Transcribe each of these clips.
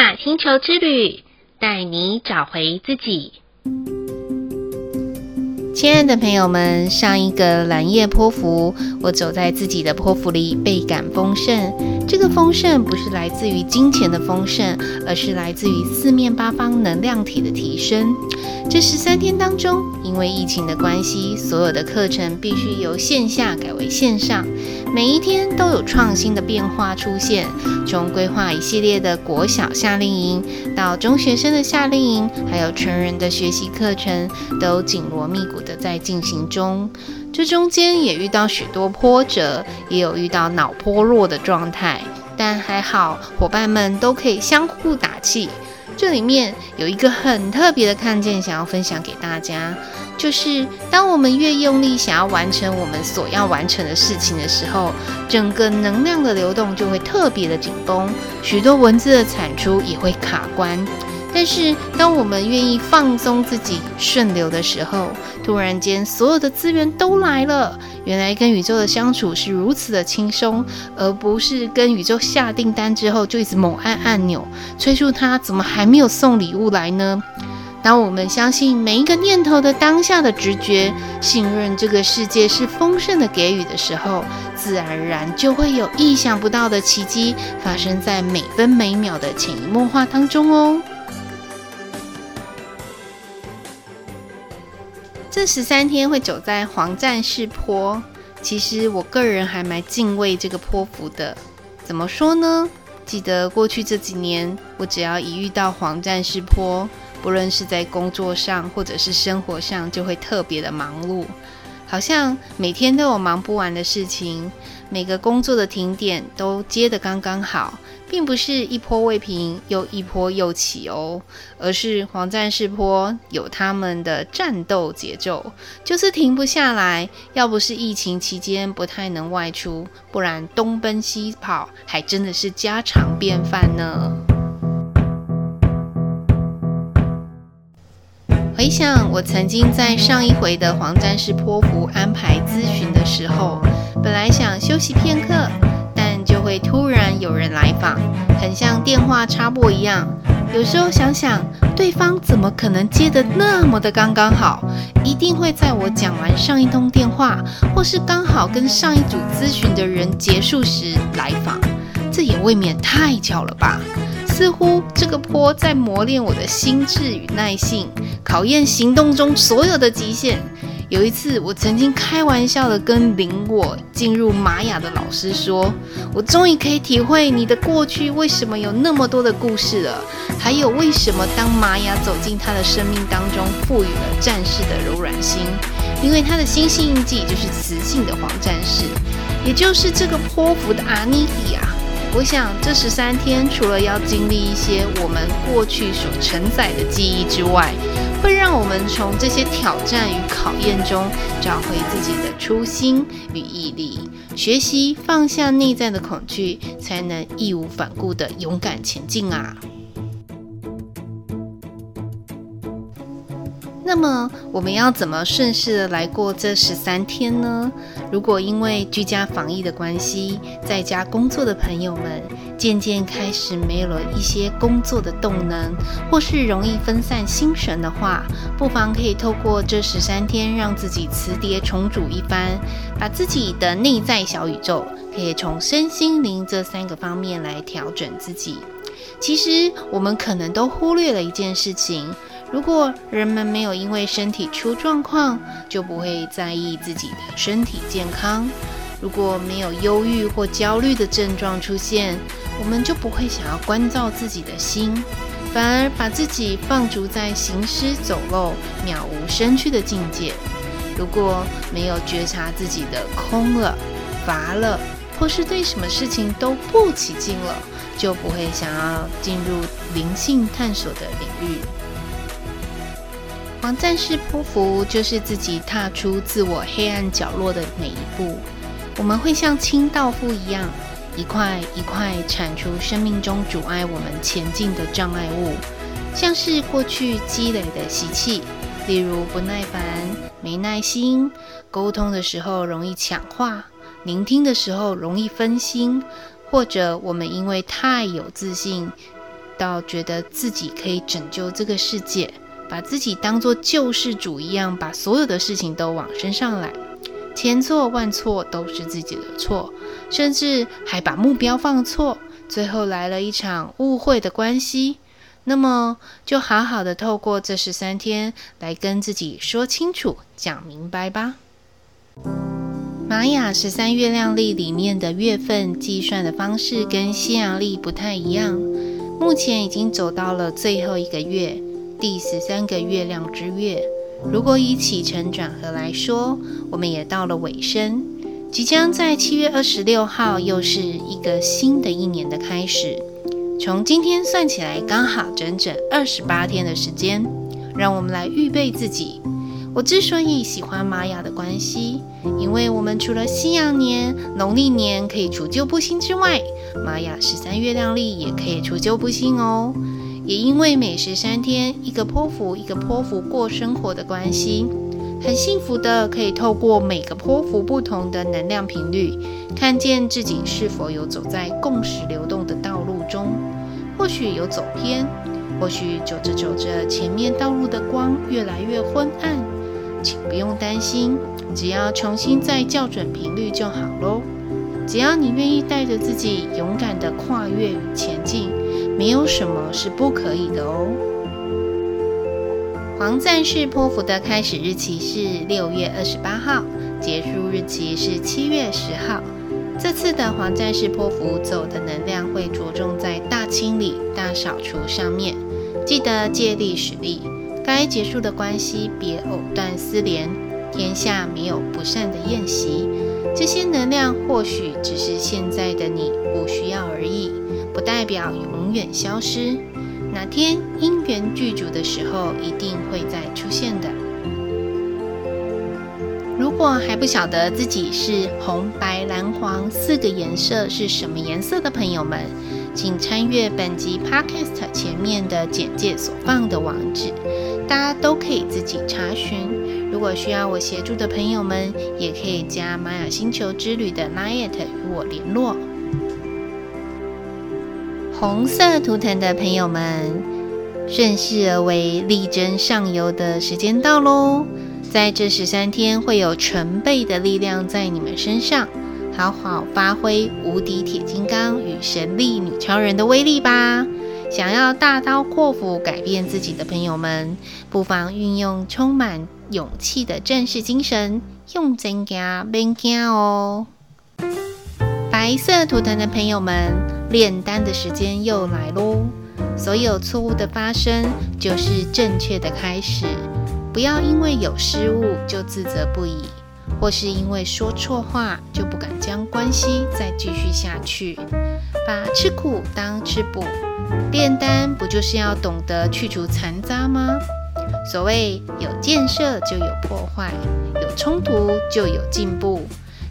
馬雅星球之旅，帶你找回自己。親愛的朋友們，上一個藍夜波符，我走在自己的波符裡，倍感豐盛。這個豐盛不是來自於金錢的豐盛，而是來自於四面八方能量體的提升。這十三天當中，因為疫情的關係，所有的課程必須由線下改為線上，每一天都有創新的變化出現。從規劃一系列的國小夏令營，到中學生的夏令營，還有成人的學習課程，都緊鑼密鼓的。在進行中，這中間也遇到許多波折，也有遇到腦波弱的狀態，但還好夥伴們都可以相互打氣。這裡面有一個很特別的看見，想要分享給大家，就是當我們越用力想要完成我們所要完成的事情的時候，整個能量的流動就會特別的緊繃，許多文字的產出也會卡關。但是，當我們願意放鬆自己、順流的時候，突然間所有的資源都來了。原來跟宇宙的相處是如此的輕鬆，而不是跟宇宙下訂單之後就一直猛按按鈕催促他，怎麼還沒有送禮物來呢？當我們相信每一個念頭的當下的直覺，信任這個世界是豐盛的給予的時候，自然而然就會有意想不到的奇蹟發生在每分每秒的潛移默化當中哦。這十三天會走在黃戰士波符，其實我個人還蠻敬畏這個波符的。怎麼說呢？記得過去這幾年，我只要一遇到黃戰士波符，不論是在工作上或者是生活上，就會特別的忙碌，好像每天都有忙不完的事情。每個工作的停點都接得剛剛好，並不是一波未平又一波又起哦，而是黃戰士波符他們的戰鬥節奏，就是停不下來。要不是疫情期間不太能外出，不然東奔西跑還真的是家常便飯呢。回想我曾經在上一回的黃戰士波符安排諮詢的時候，本來想休息片刻，但就會突然有人來訪，很像電話插播一樣。有時候想想，對方怎麼可能接得那麼的剛剛好？一定會在我講完上一通電話，或是剛好跟上一組諮詢的人結束時來訪。這也未免太巧了吧？似乎這個波在磨練我的心智與耐性，考驗行動中所有的極限。有一次，我曾經開玩笑的跟領我進入瑪雅的老師說：“我終於可以體會你的過去為什麼有那麼多的故事了，還有為什麼當瑪雅走進他的生命當中，賦予了戰士的柔軟心，因為他的星系印記就是磁性的黃戰士，也就是這個波符的阿妮迪啊。”我想這十三天除了要經歷一些我們過去所承載的記憶之外，會讓我們從這些挑戰與考驗中找回自己的初心與毅力，學習放下內在的恐懼，才能義無反顧地勇敢前進啊！那麼我們要怎麼順勢的來過這十三天呢？如果因為居家防疫的關係，在家工作的朋友們漸漸開始沒有了一些工作的動能，或是容易分散心神的話，不妨可以透過這十三天，讓自己磁碟重組一番，把自己的內在小宇宙，可以從身心靈這三個方面來調整自己。其實我們可能都忽略了一件事情。如果人們沒有因為身體出狀況，就不會在意自己的身體健康；如果沒有憂鬱或焦慮的症狀出現，我們就不會想要關照自己的心，反而把自己放逐在行屍走肉、了無生趣的境界。如果沒有覺察自己的空了、乏了，或是對什麼事情都不起勁了，就不會想要進入靈性探索的領域。黃戰士波符，就是自己踏出自我黑暗角落的每一步。我們會像清道夫一樣，一塊一塊鏟除生命中阻礙我們前進的障礙物，像是過去積累的習氣，例如不耐煩、沒耐心，溝通的時候容易搶話，聆聽的時候容易分心，或者我們因為太有自信，倒覺得自己可以拯救這個世界。把自己當做救世主一樣，把所有的事情都往身上攬，千錯萬錯都是自己的錯，甚至還把目標放錯，最後來了一場誤會的關係。那麼就好好的透過這十三天來跟自己說清楚、講明白吧。瑪雅十三月亮歷裡面的月份計算的方式跟西洋歷不太一樣，目前已經走到了最後一個月。第十三個月亮之月，如果以起承轉合來說，我們也到了尾聲，即將在七月二十六號又是一個新的一年的開始。從今天算起來，剛好整整二十八天的時間，讓我們來預備自己。我之所以喜歡瑪雅的關係，因為我們除了西洋年、農曆年可以除舊布新之外，瑪雅十三月亮曆也可以除舊布新哦。也因為每十三天一個波符，一個波符過生活的關係，很幸福的可以透過每個波符不同的能量頻率，看見自己是否有走在共識流動的道路中。或許有走偏，或許走着走着前面道路的光越來越昏暗，請不用擔心，只要重新再校準頻率就好咯。只要你願意帶着自己勇敢的跨越與前進。沒有什麼是不可以的哦。黃戰士波符的開始日期是六月二十八號，結束日期是七月十號。這次的黃戰士波符走的能量會着重在大清理、大掃除上面。記得借力使力，該結束的關係別藕斷絲連。天下沒有不散的宴席，這些能量或許只是現在的你不需要而已。代表永遠消失，哪天因緣具足的時候，一定會再出現的。如果還不曉得自己是紅、白、藍、黃四個顏色是什麼顏色的朋友們，請參閱本集 Podcast 前面的簡介所放的網址，大家都可以自己查詢。如果需要我協助的朋友們，也可以加瑪雅星球之旅的 LINE@ 與我聯絡。紅色圖騰的朋友們，順勢而為，力爭上游的時間到嘍！在這十三天，會有成倍的力量在你們身上，好好發揮無敵鐵金剛與神力女超人的威力吧！想要大刀闊斧改變自己的朋友們，不妨運用充滿勇氣的戰士精神，用增加增加哦！黑色圖騰的朋友們，煉丹的時間又來嘍。所有錯誤的發生，就是正確的開始。不要因為有失誤就自責不已，或是因為說錯話就不敢將關係再繼續下去。把吃苦當吃補，煉丹不就是要懂得去除殘渣嗎？所謂有建設就有破壞，有衝突就有進步。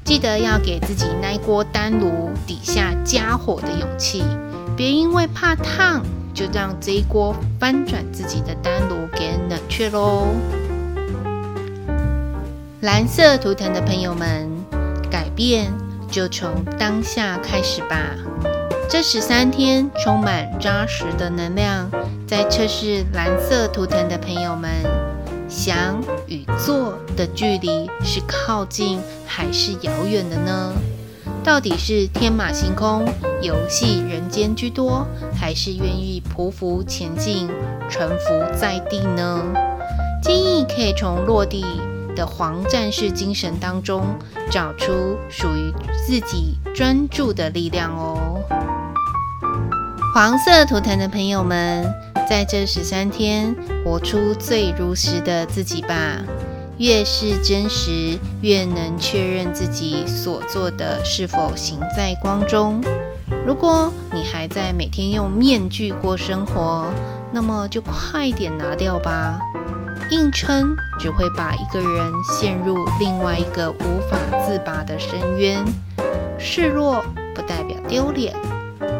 記得要給自己那一鍋丹爐底下加火的勇氣，別因為怕燙就讓這一鍋翻轉自己的丹爐給冷卻嘍。藍色圖騰的朋友們，改變就從當下開始吧。這十三天充滿扎實的能量，在測試藍色圖騰的朋友們。想與做的距離是靠近還是遙遠的呢？到底是天馬行空、遊戲人間居多，還是願意匍匐前進，臣服在地呢？建議可以從落地的黃戰士精神當中找出屬於自己專注的力量哦。黃色圖騰的朋友們。在這十三天，活出最如實的自己吧。越是真實，越能確認自己所做的是否行在光中。如果你還在每天用面具過生活，那麼就快點拿掉吧。硬撐只會把一個人陷入另外一個無法自拔的深淵。示弱不代表丟臉。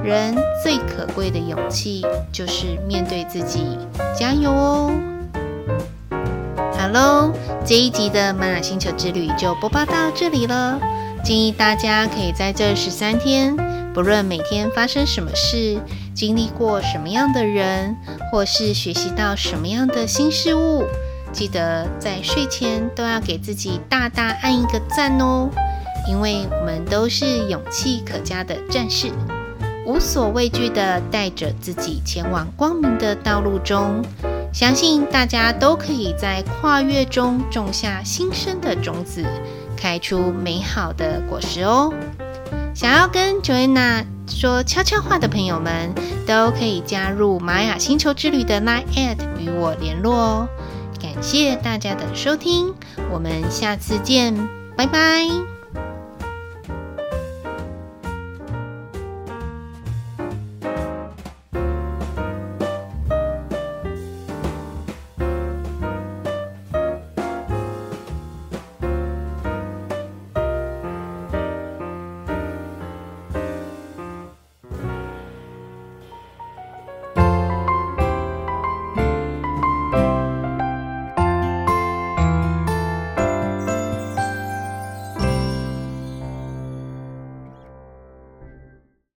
人最可貴的勇氣就是面對自己，加油哦！哈嘍，這一集的瑪雅星球之旅就播報到這裡了。建議大家可以在這十三天，不論每天發生什麼事，經歷過什麼樣的人，或是學習到什麼樣的新事物，記得在睡前都要給自己大大按一個讚哦，因為我們都是勇氣可嘉的戰士。無所畏懼的帶着自己前往光明的道路中，相信大家都可以在跨越中種下新生的種子，開出美好的果實哦。想要跟 Joanna 說悄悄話的朋友們，都可以加入馬雅星球之旅的 LINE@ 與我聯絡哦。感謝大家的收聽，我們下次見，拜拜。